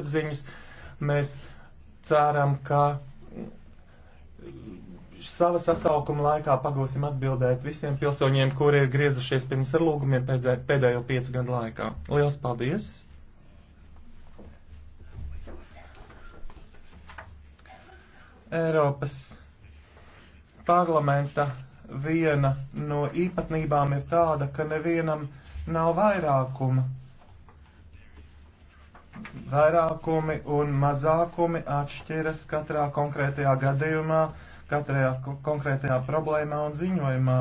apziņas. Mēs ceram, ka sava sasaukuma laikā pagūsim atbildēt visiem pilsoņiem, kuri ir griezušies pie mums ar lūgumiem pēdējo piecu gadu laikā. Lielas paldies! Eiropas parlamenta viena no īpatnībām ir tāda, ka nevienam nav vairākuma vairākumi un mazākumi atšķiras katrā konkrētajā gadījumā, katrajā konkrētajā problēmā un ziņojumā.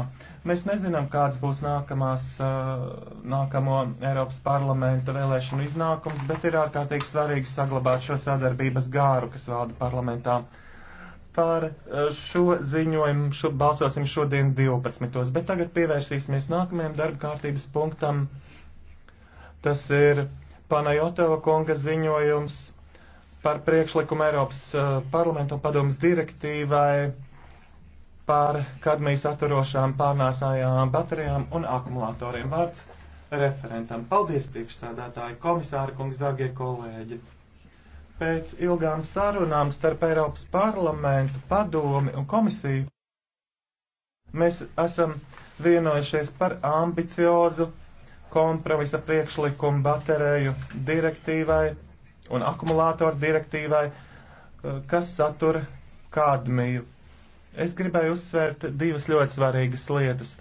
Mēs nezinām, kāds būs nākamās, nākamo Eiropas parlamenta vēlēšanu iznākums, bet ir ārkārtīgi svarīgi saglabāt šo sadarbības gāru, kas valda parlamentā. Par šo ziņojumu šo, balsosim šodien 12. Bet tagad pievērsīsimies nākamajam darba kārtības punktam. Tas ir Panajotova kunga ziņojums par priekšlikumu Eiropas uh, parlamentu un padomas direktīvai par kadmiju saturošām pārnēsājām baterijām un akumulatoriem. Vārds referentam. Paldies, priekšsēdētāji, komisāri kungs, dārgie kolēģi! Pēc ilgām sarunām starp Eiropas parlamentu, padomi un komisiju mēs esam vienojušies par ambiciozu kompromisa priekšlikumu baterēju direktīvai un akumulātoru direktīvai, eh, kas satura kādmiju. Es gribēju uzsvērt divas ļoti svarīgas lietas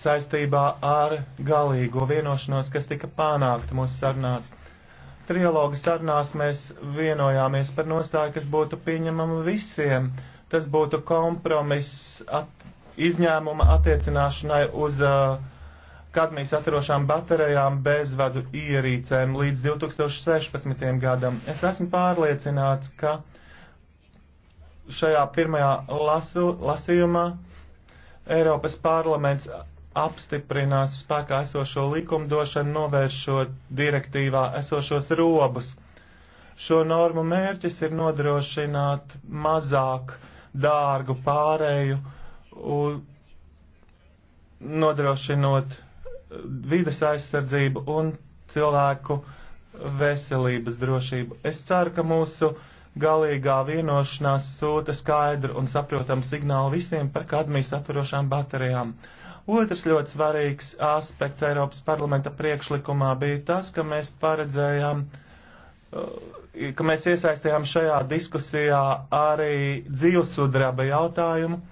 saistībā ar galīgo vienošanos, kas tika panākta mūsu sarunās. Trialoga sarunās mēs vienojāmies par nostāju, kas būtu pieņemama visiem. Tas būtu kompromiss at izņēmuma attiecināšanai uz uh, kadmijas atrošām baterijām bezvadu ierīcēm līdz 2016. gadam. Es esmu pārliecināts, ka šajā pirmajā lasu, lasījumā Eiropas parlaments apstiprinās spēkā esošo likumdošanu, novēršot direktīvā esošos robus. Šo normu mērķis ir nodrošināt mazāk dārgu pārēju, nodrošinot vides aizsardzību un cilvēku veselības drošību. Es ceru, ka mūsu galīgā vienošanās sūta skaidru un saprotamu signālu visiem par kadmiju saturošām baterijām. Otrs ļoti svarīgs aspekts Eiropas parlamenta priekšlikumā bija tas, ka mēs paredzējām, uh, ka mēs iesaistījām šajā diskusijā arī dzīvesudraba jautājumu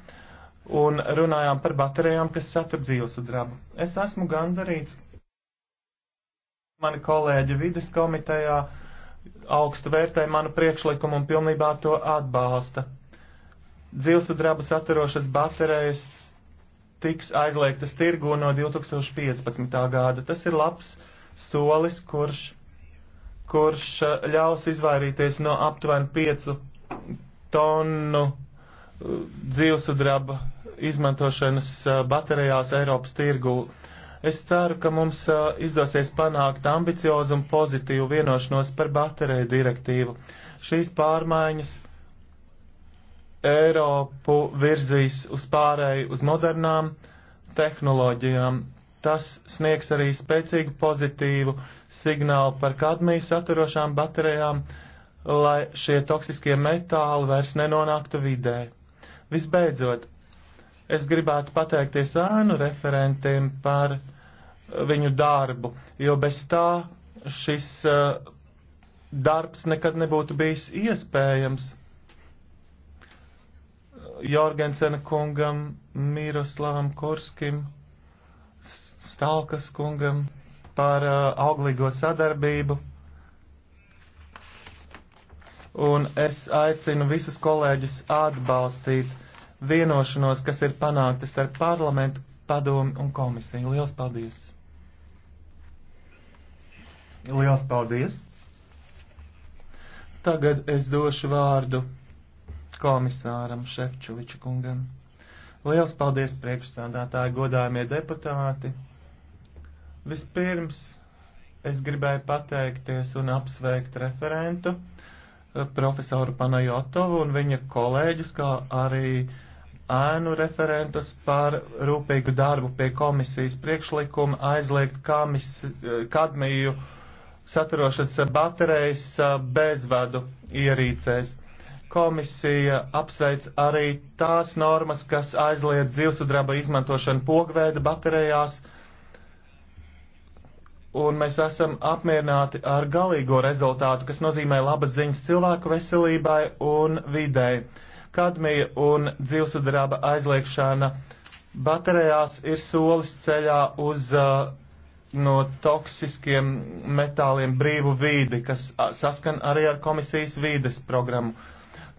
un runājām par baterijām, kas satur dzīvesudrabu. Es esmu gandarīts. Mani kolēģi vides komitejā augstu vērtē manu priekšlikumu un pilnībā to atbalsta. Dzīvesudrabu saturošas baterijas tiks aizliegtas tirgu no 2015. gada. Tas ir labs solis, kurš, kurš eh, ļaus izvairīties no aptuveni 5 tonu eh, dzīvesudraba izmantošanas baterijās Eiropas tirgū. Es ceru, ka mums izdosies panākt ambiciozu un pozitīvu vienošanos par bateriju direktīvu. Šīs pārmaiņas Eiropu virzīs uz pārēju uz modernām tehnoloģijām. Tas sniegs arī spēcīgu pozitīvu signālu par kadmiju saturošām baterijām, lai šie toksiskie metāli vairs nenonāktu vidē. Visbeidzot, Es gribētu pateikties ēnu referentiem par eh, viņu darbu, jo bez tā šis eh, darbs nekad nebūtu bijis iespējams. Jorgensena kungam, Miroslavam Kurskim, Stalkas kungam par eh, auglīgo sadarbību un es aicinu visus kolēģus atbalstīt vienošanos, kas ir panāktas ar parlamentu, padomi un komisiju. Lielas paldies! Lielas paldies! Tagad es došu vārdu komisāram Šefčoviča kungam. Lielas paldies priekšsādātāji, godājumie deputāti! Vispirms es gribēju pateikties un apsveikt referentu eh, profesoru Panajotovu un viņa kolēģus, kā arī uh, ēnu referentus par rūpīgu darbu pie komisijas priekšlikuma aizliegt kamis, eh, kadmiju saturošas baterijas eh, bezvadu ierīcēs. Komisija apsveic arī tās normas, kas aizliedz zivsudraba izmantošanu pogveida baterijās, un mēs esam apmierināti ar galīgo rezultātu, kas nozīmē labas ziņas cilvēku veselībai un videi kadmija un dzīvesudraba aizliekšana baterijās ir solis ceļā uz uh, no toksiskiem metāliem brīvu vīdi, kas saskan arī ar komisijas vīdes programmu.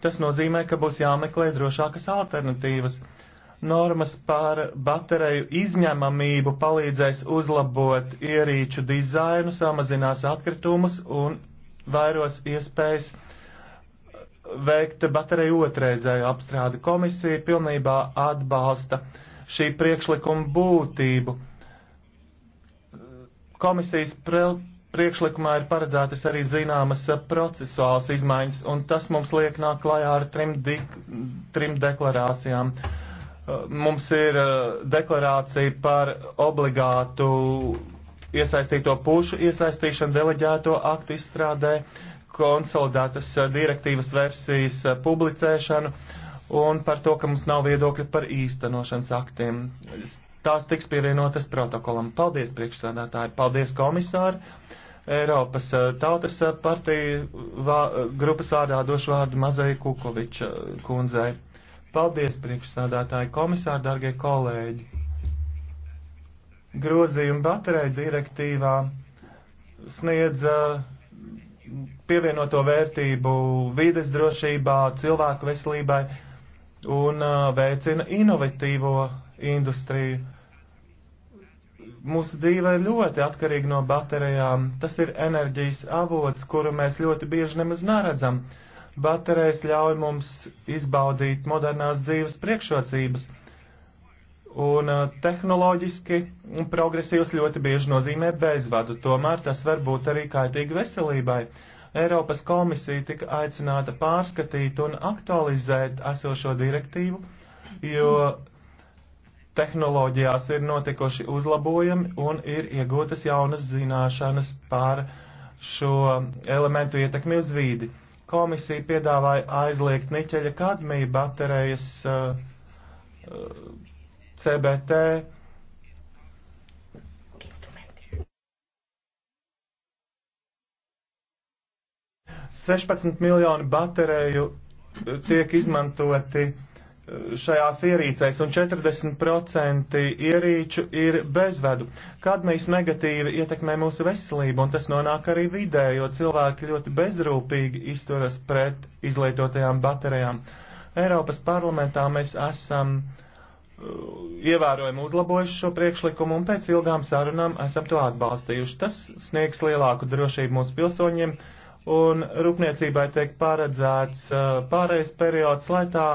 Tas nozīmē, ka būs jāmeklē drošākas alternatīvas. Normas par bateriju izņemamību palīdzēs uzlabot ierīču dizainu, samazinās atkritumus un vairos iespējas uh, veikt bateriju otrreizēju apstrādi. Komisija pilnībā atbalsta šī priekšlikuma būtību. Komisijas priekšlikumā ir paredzētas arī zināmas eh, procesuālas izmaiņas, un tas mums liek nāk klajā ar trim, dik, trim deklarācijām. Eh, mums ir eh, deklarācija par obligātu iesaistīto pušu iesaistīšanu deleģēto aktu izstrādē, konsolidētas eh, direktīvas versijas eh, publicēšanu un par to, ka mums nav viedokļa par īstenošanas aktiem. Tās tiks pievienotas protokolam. Paldies, priekšsēdētāji, paldies, komisāri. Eiropas eh, tautas partija vā, grupas vārdā došu vārdu mazai Kukoviča kundzei. Paldies, priekšsēdētāji, komisāri, dargie kolēģi. Grozījumi bateriju direktīvā sniedz uh, pievienoto vērtību vides drošībā, cilvēku veselībai un uh, veicina inovatīvo industriju. Mūsu dzīve ir ļoti atkarīga no baterijām. Tas ir enerģijas avots, kuru mēs ļoti bieži nemaz neredzam. Baterijas ļauj mums izbaudīt modernās dzīves priekšrocības. Un uh, tehnoloģiski progresīvs ļoti bieži nozīmē bezvadu, tomēr tas var būt arī kaitīgi veselībai. Uh, Eiropas komisija tika aicināta pārskatīt un aktualizēt esošo direktīvu, jo tehnoloģijās ir notikuši uzlabojumi un ir iegūtas jaunas zināšanas par šo elementu ietekmi uz vīdi. Komisija piedāvāja aizliegt niķeļa kadmiju baterijas uh, uh CBT 16 miljoni bateriju eh, tiek izmantoti eh, šajās ierīcēs, un 40% ierīču ir bezvedu. Kadmijs negatīvi ietekmē mūsu veselību, un tas nonāk arī vidē, jo cilvēki ļoti bezrūpīgi izturas pret izlietotajām baterijām. Eiropas parlamentā mēs esam eh, ievērojami uzlabojuši šo priekšlikumu, un pēc ilgām sarunām esam to atbalstījuši. Tas sniegs lielāku drošību mūsu pilsoņiem un rūpniecībai tiek paredzēts uh, pārējais periods, lai tā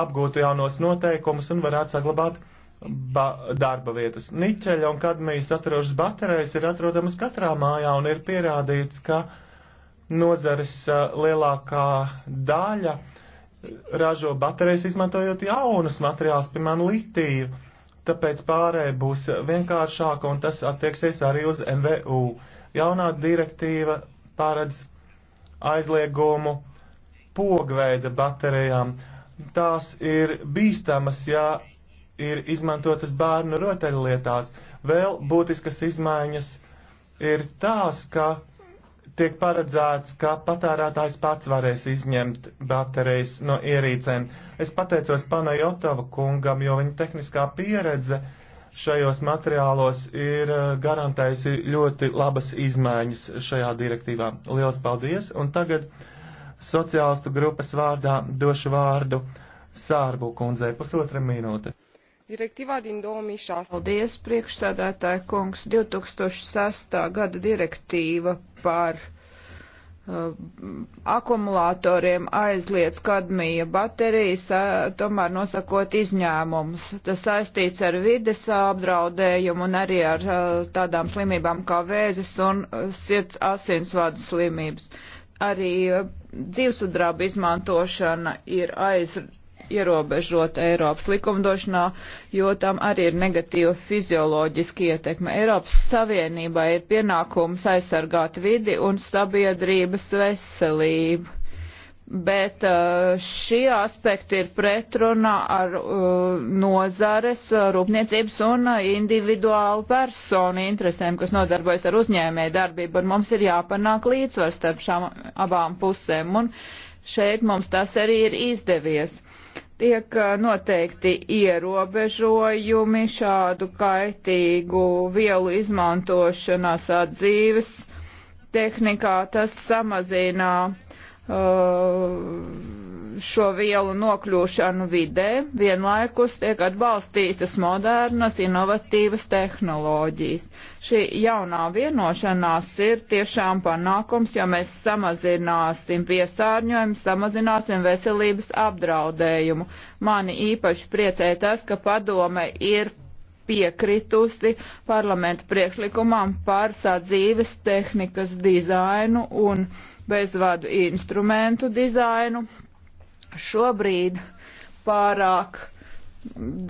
apgūtu jaunos noteikumus un varētu saglabāt darba vietas. Niķeļa un kadmijas saturošas baterijas ir atrodamas katrā mājā un ir pierādīts, ka nozares uh, lielākā daļa ražo baterijas izmantojot jaunus materiālus, piemēram, litiju. Tāpēc pārējai būs vienkāršāka un tas attieksies arī uz MVU. Jaunā direktīva paredz aizliegumu pogveida baterijām. Tās ir bīstamas, ja ir izmantotas bērnu rotaļlietās. Vēl būtiskas izmaiņas ir tās, ka tiek paredzēts, ka patērētājs pats varēs izņemt baterijas no ierīcēm. Es pateicos panai Jotava kungam, jo viņa tehniskā pieredze uh, šajos materiālos ir eh, garantējusi ļoti labas izmaiņas šajā direktīvā. Lielas paldies! Un tagad sociālistu grupas vārdā došu vārdu Sārbu kundzei pusotra minūte. Direktīvā din 2006. Paldies, priekšsēdētāja kungs, 2006. gada direktīva par Uh, akumulatoriem aizliedz kadmija baterijas, uh, tomēr nosakot izņēmumus. Tas saistīts ar vides apdraudējumu un arī ar uh, tādām slimībām kā vēzis un sirds asinsvadu slimības. Arī dzīvesudraba izmantošana ir aizliegta ierobežot Eiropas likumdošanā, jo tam arī ir negatīva fizioloģiska ietekme. Eiropas Savienībā ir pienākums aizsargāt vidi un sabiedrības veselību. Bet uh, šie aspekti ir pretrunā ar uh, nozares, uh, rūpniecības un individuālu personu interesēm, kas nodarbojas ar uzņēmē darbību, un mums ir jāpanāk līdzsvars starp šām abām pusēm. Un šeit mums tas arī ir izdevies. Tiek noteikti ierobežojumi šādu kaitīgu vielu izmantošanās atdzīves tehnikā, tas samazinā Uh, šo vielu nokļūšanu vidē, vienlaikus tiek atbalstītas modernas, inovatīvas tehnoloģijas. Šī jaunā vienošanās ir tiešām panākums, jo mēs samazināsim piesārņojumu, samazināsim veselības apdraudējumu. Mani īpaši priecē tas, ka padome ir piekritusi parlamenta priekšlikumam par sadzīves tehnikas dizainu un bezvadu instrumentu dizainu. Šobrīd pārāk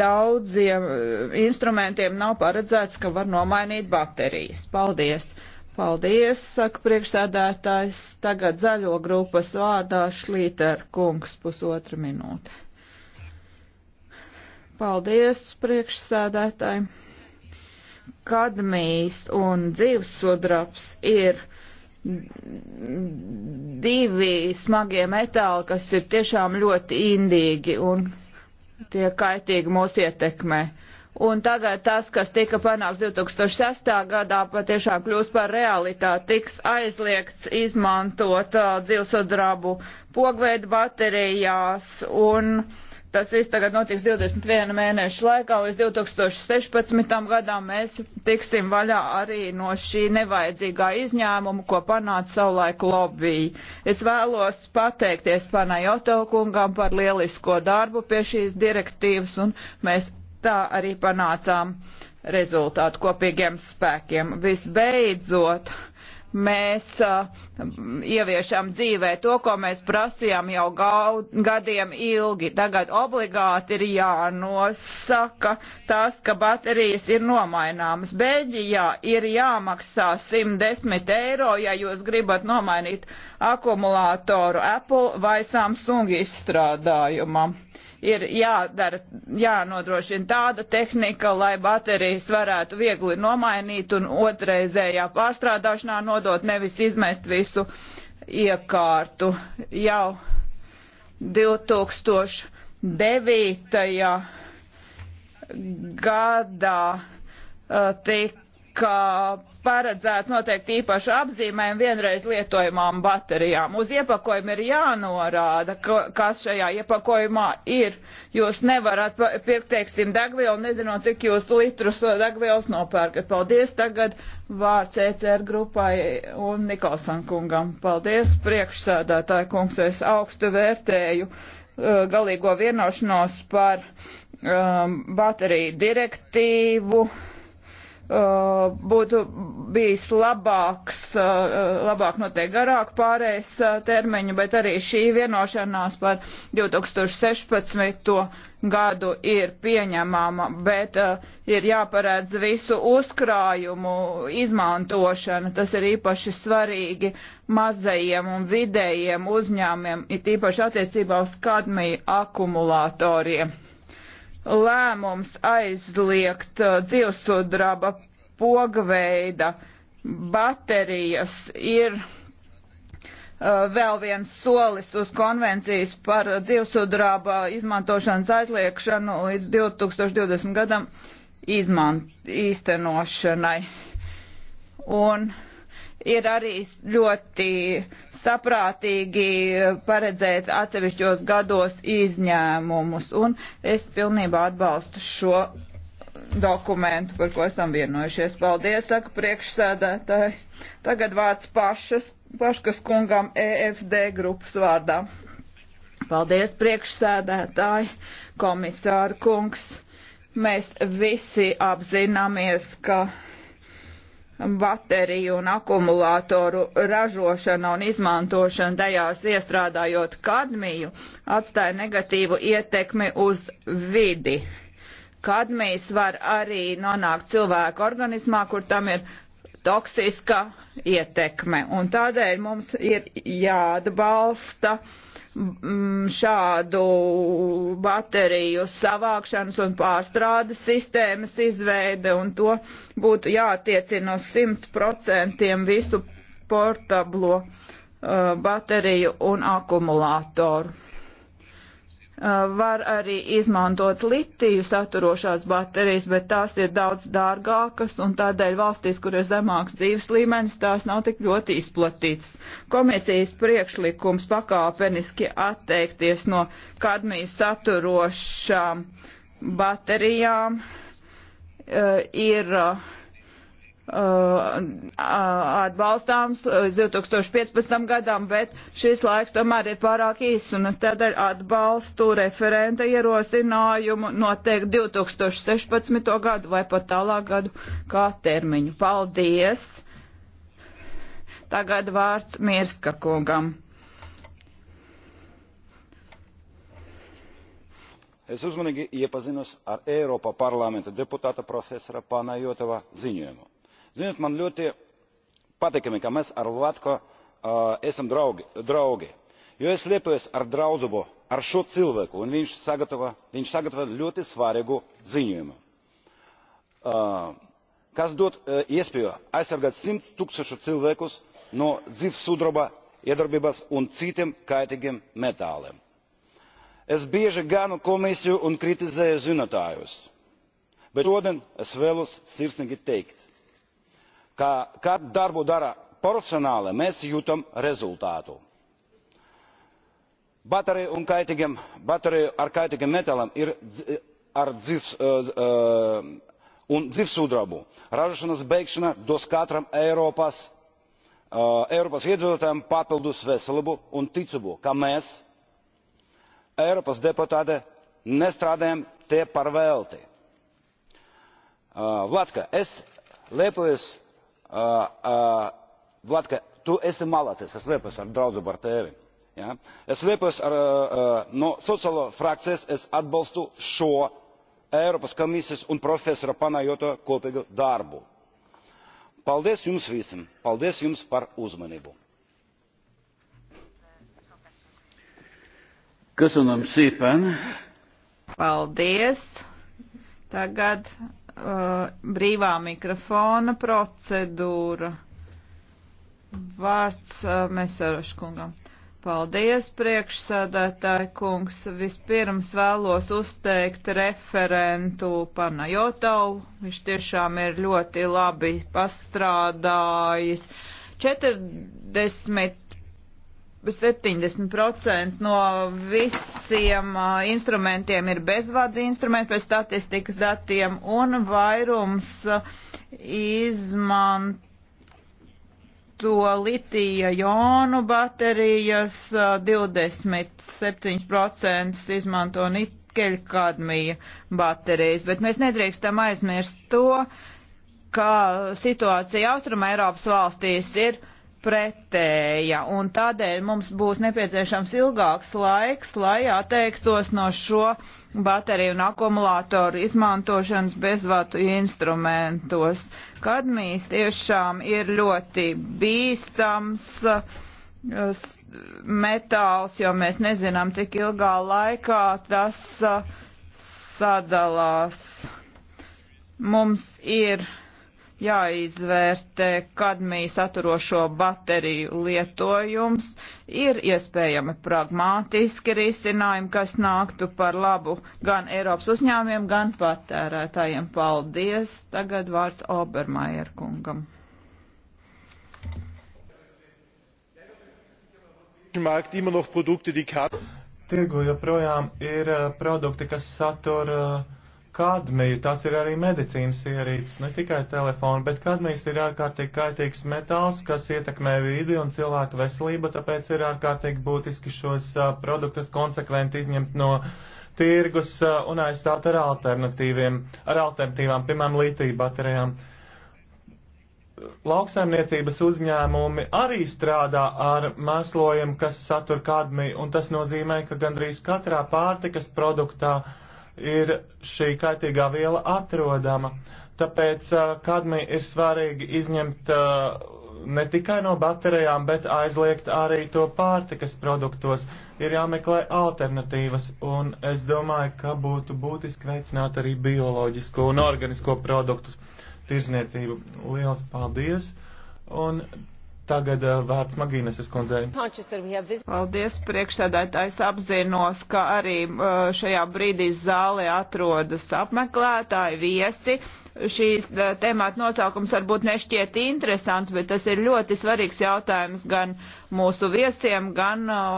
daudziem eh, instrumentiem nav paredzēts, ka var nomainīt baterijas. Paldies! Paldies, saka priekšsēdētājs. Tagad zaļo grupas vārdā Šlīter kungs pusotra minūte. Paldies, priekšsēdētāji. Kadmijs un dzīvesudraps ir divi smagie metāli, kas ir tiešām ļoti indīgi un tie kaitīgi mūs ietekmē. Un tagad tas, kas tika panāks 2006. gadā, patiešām kļūst par realitāti, tiks aizliegts izmantot uh, dzīvesudrabu pogveidu baterijās un uh, Tas viss tagad notiks 21 mēnešu laikā, līdz 2016. gadam mēs tiksim vaļā arī no šī nevajadzīgā izņēmuma, ko panāca savulaik lobby. Es vēlos pateikties Panajoto kungam par lielisko darbu pie šīs direktīvas, un mēs tā arī panācām rezultātu kopīgiem spēkiem. Visbeidzot, mēs uh, ieviešam dzīvē to, ko mēs prasījām jau gaud, gadiem ilgi. Tagad obligāti ir jānosaka tas, ka baterijas ir nomaināmas. Beļģijā ir jāmaksā 110 eiro, ja jūs gribat nomainīt akumulātoru Apple vai Samsung izstrādājumam ir jādara, jānodrošina tāda tehnika, lai baterijas varētu viegli nomainīt un otrreizējā pārstrādāšanā nodot, nevis izmest visu iekārtu. Jau 2009. gadā eh, tik tika paredzēts noteikti īpaši apzīmējumi vienreiz lietojumām baterijām. Uz iepakojumu ir jānorāda, ka, kas šajā iepakojumā ir. Jūs nevarat pirkt, teiksim, degvielu, nezinot, cik jūs litrus degvielas nopērkat. Paldies tagad vārds ECR grupai un Nikolson kungam. Paldies, priekšsēdētāji kungs, es augstu vērtēju uh, galīgo vienošanos par um, bateriju direktīvu. Uh, Uh, būtu bijis labāks, uh, labāk noteikti garāk pārējais uh, termiņu, bet arī šī vienošanās par 2016. gadu ir pieņemama, bet ir jāparedz visu uzkrājumu izmantošana. Tas ir īpaši svarīgi mazajiem un vidējiem uzņēmiem, it īpaši attiecībā uz kadmiju akumulatoriem lēmums aizliegt uh, dzīvesudraba pogveida baterijas ir uh, vēl viens solis uz konvencijas par uh, dzīvesudraba izmantošanas aizliekšanu līdz 2020 gadam izman, īstenošanai. Un ir arī ļoti saprātīgi paredzēt atsevišķos gados izņēmumus, un es pilnībā atbalstu šo dokumentu, par ko esam vienojušies. Paldies, saka priekšsēdētāji. Tagad vārds pašas, paškas kungam EFD grupas vārdā. Paldies, priekšsēdētāji, komisāra kungs. Mēs visi apzināmies, ka bateriju un akumulātoru ražošana un izmantošana tajās iestrādājot kadmiju atstāja negatīvu ietekmi uz vidi. Kadmijs var arī nonākt cilvēku organismā, kur tam ir toksiska ietekme, un tādēļ mums ir jāatbalsta uh, Mm, šādu bateriju savākšanas un pārstrādes sistēmas izveide, un to būtu jātiecina uz 100% visu portablo uh, bateriju un akumulātoru. Uh, var arī izmantot litiju saturošās baterijas, bet tās ir daudz dārgākas un tādēļ valstīs, kur ir zemāks dzīves līmenis, tās nav tik ļoti izplatītas. Komisijas priekšlikums pakāpeniski atteikties no kadmiju saturošām baterijām uh, ir uh, Uh, atbalstāms līdz uh, 2015. gadam, bet šis laiks tomēr ir pārāk īss, un es tādēļ atbalstu referenta ierosinājumu noteikti 2016. gadu vai pat tālāk gadu kā termiņu. Paldies! Tagad vārds Mirska kungam. Es uzmanīgi iepazinos ar Eiropa parlamenta deputāta profesora Panajotova ziņojumu ziniet man ļoti patīkami ka mēs ar latko esam draugi, draugi jo es lepojos ar draudzību ar šo cilvēku un viņš sagatavo, viņš sagatavo ļoti svarīgu ziņojumu, kas dod iespēju aizsargāt simts tūkstošu cilvēkus no dzīvsudraba iedarbības un citiem kaitīgiem metāliem. Es bieži ganu komisiju un kritizēju zinātājus, bet šodien es vēlos sirsnīgi teikt, ka kad darbu dara profesionāli mēs jūtam rezultātu. Bateriju, un kaitīgiem, bateriju ar kaitīgiem metāliem ir ar dzīves, uh, e, uh, e, un dzīvesūdrabu ražošanas beigšana dos katram Eiropas, uh, Eiropas iedzīvotājiem papildus veselību un ticību, ka mēs, Eiropas deputāti, nestrādājam tie par velti. Uh, Latka, es lepojos văd ka tu esi malacis, es lepoju ar draudzu par tevi. Ja? Es lepoju ar, no sociālo frakcijas, es atbalstu šo Eiropas komisijas un profesora Panajoto kopīgu darbu. Paldies jums visiem! Paldies jums par uzmanību! Köszönöm szépen! Paldies! Tagad Uh, brīvā mikrofona procedūra. Vārds uh, Mesaraškungam. Paldies, priekšsādātāji kungs. Vispirms vēlos uzteikt referentu Panajotavu. Viņš tiešām ir ļoti labi pastrādājis. 40 70% no visiem uh, instrumentiem ir bezvadu instrumenti pēc statistikas datiem un vairums uh, izmanto litija jonu baterijas, uh, 27% izmanto nikeļkadmija baterijas, bet mēs nedrīkstam aizmirst to, ka situācija Austruma Eiropas valstīs ir pretēja, un tādēļ mums būs nepieciešams ilgāks laiks, lai atteiktos no šo bateriju un akumulātoru izmantošanas bezvatu instrumentos. Kadmijs tiešām ir ļoti bīstams metāls, jo mēs nezinām, cik ilgā laikā tas sadalās. Mums ir jāizvērtē, kadmija saturošo bateriju lietojums, ir iespējami pragmātiski risinājumi, kas nāktu par labu gan Eiropas uzņēmiem, gan patērētājiem. Paldies! Tagad vārds Obermajer kungam. Markt immer noch Produkte, die Tirgu joprojām ir eh, produkti, kas satura uh, eh, kadmiju, tas ir arī medicīnas ierīces, ne tikai telefoni, bet kadmijs ir ārkārtīgi kaitīgs metāls, kas ietekmē vidi un cilvēku veselību, tāpēc ir ārkārtīgi būtiski šos uh, produktus konsekventi izņemt no tirgus uh, un aizstāt ar alternatīviem, ar alternatīvām, piemēram, lītību baterijām. Lauksaimniecības uzņēmumi arī strādā ar mēslojiem, kas satur kadmiju, un tas nozīmē, ka gandrīz katrā pārtikas produktā uh, ir šī kaitīgā viela atrodama. Tāpēc kadmi ir svarīgi izņemt ne tikai no baterijām, bet aizliegt arī to pārtikas produktos. Ir jāmeklē alternatīvas, un es domāju, ka būtu būtiski veicināt arī bioloģisko un organisko produktu tirzniecību. Lielas paldies! Un Tagad uh, vārds Magīneses kundzei. Paldies, priekšsēdētājs apzinos, ka arī uh, šajā brīdī zālē atrodas apmeklētāji, viesi. Šīs uh, temāta nosaukums varbūt nešķiet interesants, bet tas ir ļoti svarīgs jautājums gan mūsu viesiem, gan uh,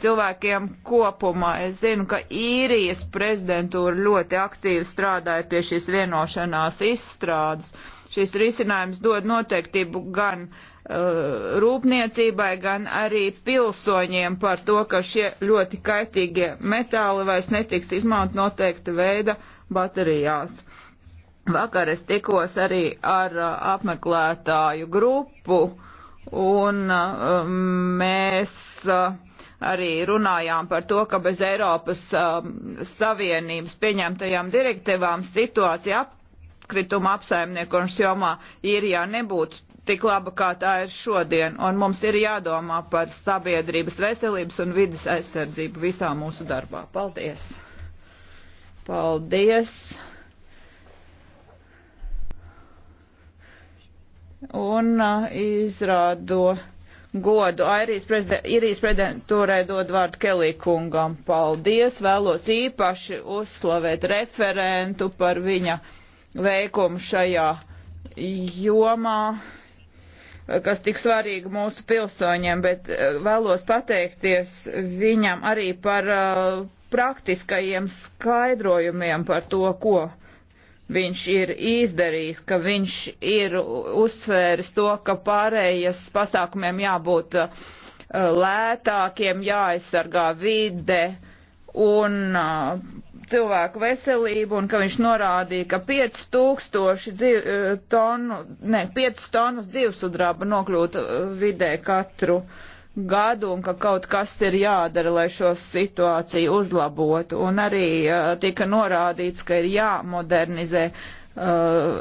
cilvēkiem kopumā. Es zinu, ka īrijas prezidentūra ļoti aktīvi strādāja pie šīs vienošanās izstrādes. Šis risinājums dod noteiktību gan uh, Eh, rūpniecībai, gan arī pilsoņiem par to, ka šie ļoti kaitīgie metāli vairs netiks izmantot noteikta veida baterijās. Vakar es tikos arī ar eh, apmeklētāju grupu un eh, mēs arī runājām par to, ka bez Eiropas Savienības pieņemtajām direktīvām situācija apkrituma apsaimniekošanas jomā ir, ja nebūtu tik laba, kā tā ir šodien, un mums ir jādomā par sabiedrības veselības un vidas aizsardzību visā mūsu darbā. Paldies! Paldies! Un uh, izrādo godu Airijas prezidentūrai dod vārdu Kelī kungam. Paldies! Vēlos īpaši uzslavēt referentu par viņa veikumu šajā jomā kas tik svarīga mūsu pilsoņiem, bet eh, vēlos pateikties viņam arī par eh, praktiskajiem skaidrojumiem par to, ko viņš ir izdarījis, ka viņš ir uzsvēris to, ka pārējas pasākumiem jābūt eh, lētākiem, jāaizsargā vide un cilvēku veselību un ka viņš norādīja, ka 5000 dzīv, e, tonu, ne, 5 tonnas dzīvesudraba nokļūta e, vidē katru gadu un ka kaut kas ir jādara, lai šo situāciju uzlabotu. Un arī uh, tika norādīts, ka ir jāmodernizē uh,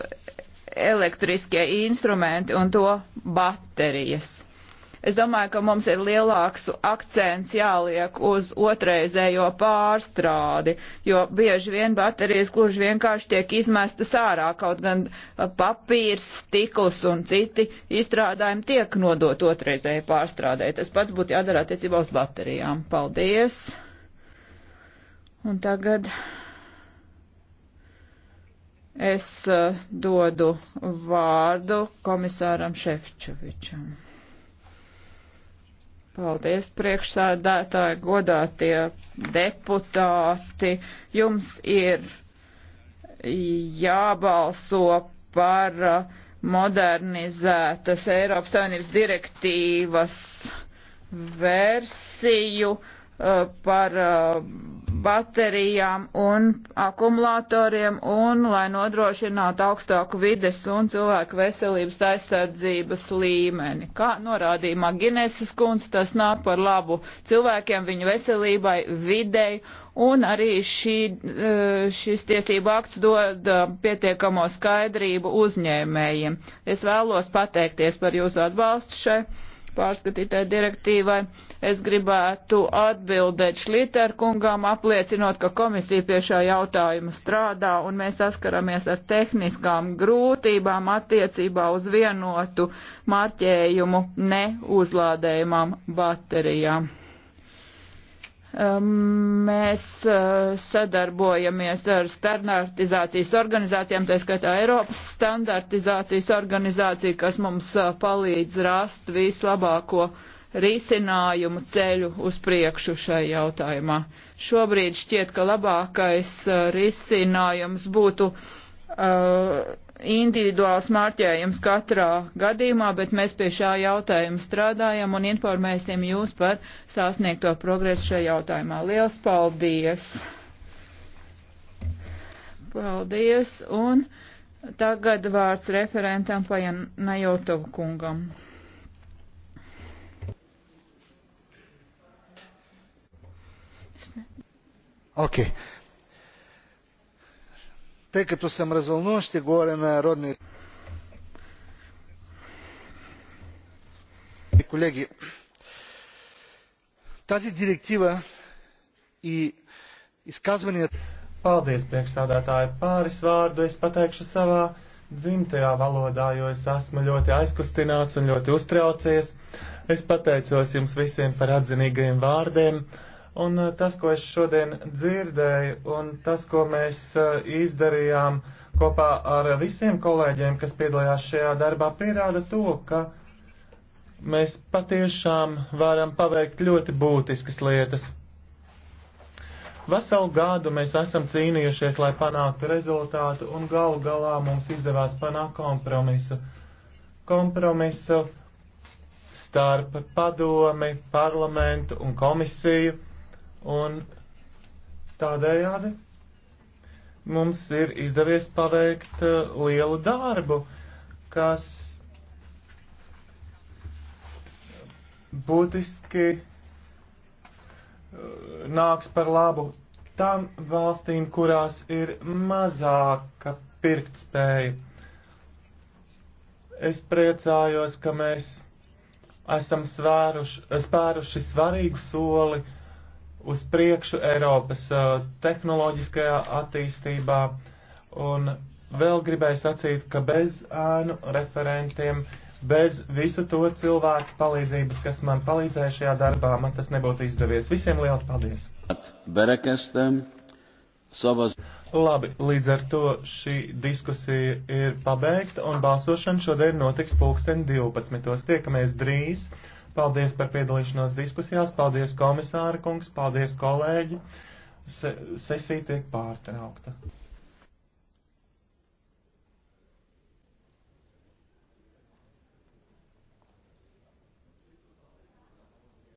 elektriskie instrumenti un to baterijas Es domāju, ka mums ir lielāks akcents jāliek uz otrreizējo pārstrādi, jo bieži vien baterijas gluži vienkārši tiek izmestas ārā, kaut gan uh, papīrs, stikls un citi izstrādājumi tiek nodot otrreizēji pārstrādē. Tas pats būtu jādara attiecībā uz baterijām. Paldies! Un tagad es uh, dodu vārdu komisāram Šefčovičam. Paldies, priekšsēdētāji, godātie deputāti. Jums ir jābalso par modernizētas Eiropas Savienības direktīvas versiju Uh, par uh, baterijām un akumulatoriem un lai nodrošinātu augstāku vides un cilvēku veselības aizsardzības līmeni. Kā norādīja Magineses kundze, tas nāk par labu cilvēkiem, viņu veselībai, videi un arī šī, uh, šis tiesību akts dod pietiekamo skaidrību uzņēmējiem. Es vēlos pateikties par jūsu atbalstu šai pārskatītāji direktīvai. Es gribētu atbildēt Šliterkungām, apliecinot, ka komisija pie šā jautājuma strādā un mēs saskaramies ar tehniskām grūtībām attiecībā uz vienotu marķējumu neuzlādējumām baterijām. Ehm, mēs eh, sadarbojamies ar standartizācijas organizācijām, tā skaitā Eiropas standartizācijas organizācija, kas mums eh, palīdz rast vislabāko risinājumu ceļu uz priekšu šai jautājumā. Šobrīd šķiet, ka labākais eh, risinājums būtu uh, individuāls mārķējums katrā gadījumā, bet mēs pie šā jautājuma strādājam un informēsim jūs par sasniegto progresu šajā jautājumā. Liels paldies! Paldies! Un tagad vārds referentam Pajanajotovu kungam. Okay. Тъй като съм развълнуван, ще говоря на родния колеги, тази direktīva и izkazvanījāt. Paldies, priekšsādātāji. Pāris vārdu es pateikšu savā dzimtajā valodā, jo es esmu ļoti aizkustināts un ļoti uztraucies. Es pateicos jums visiem par atzinīgajiem vārdiem. Uh, Un eh, tas, ko es šodien dzirdēju, un tas, ko mēs eh, izdarījām kopā ar visiem kolēģiem, kas piedalījās šajā darbā, pierāda to, ka mēs patiešām varam paveikt ļoti būtiskas lietas. Veselu gadu mēs esam cīnījušies, lai panāktu rezultātu, un galu galā mums izdevās panākt kompromisu. Kompromisu starp padomi, parlamentu un komisiju Un tādējādi mums ir izdevies paveikt uh, lielu darbu, kas būtiski uh, nāks par labu tām valstīm, kurās ir mazāka pirktspēja. Es priecājos, ka mēs esam svēruši, spēruši svarīgu soli uz priekšu Eiropas uh, tehnoloģiskajā attīstībā. Un vēl gribēju sacīt, ka bez ēnu referentiem, bez visu to cilvēku palīdzības, kas man palīdzēja šajā darbā, man tas nebūtu izdevies. Visiem liels paldies! Berekestam, savas... Labi, līdz ar to šī diskusija ir pabeigta un balsošana šodien notiks pulksten 12. Tiekamies drīz! Paldies par piedalīšanos diskusijās, paldies komisāra kungs, paldies kolēģi. Se sesija tiek pārtraukta.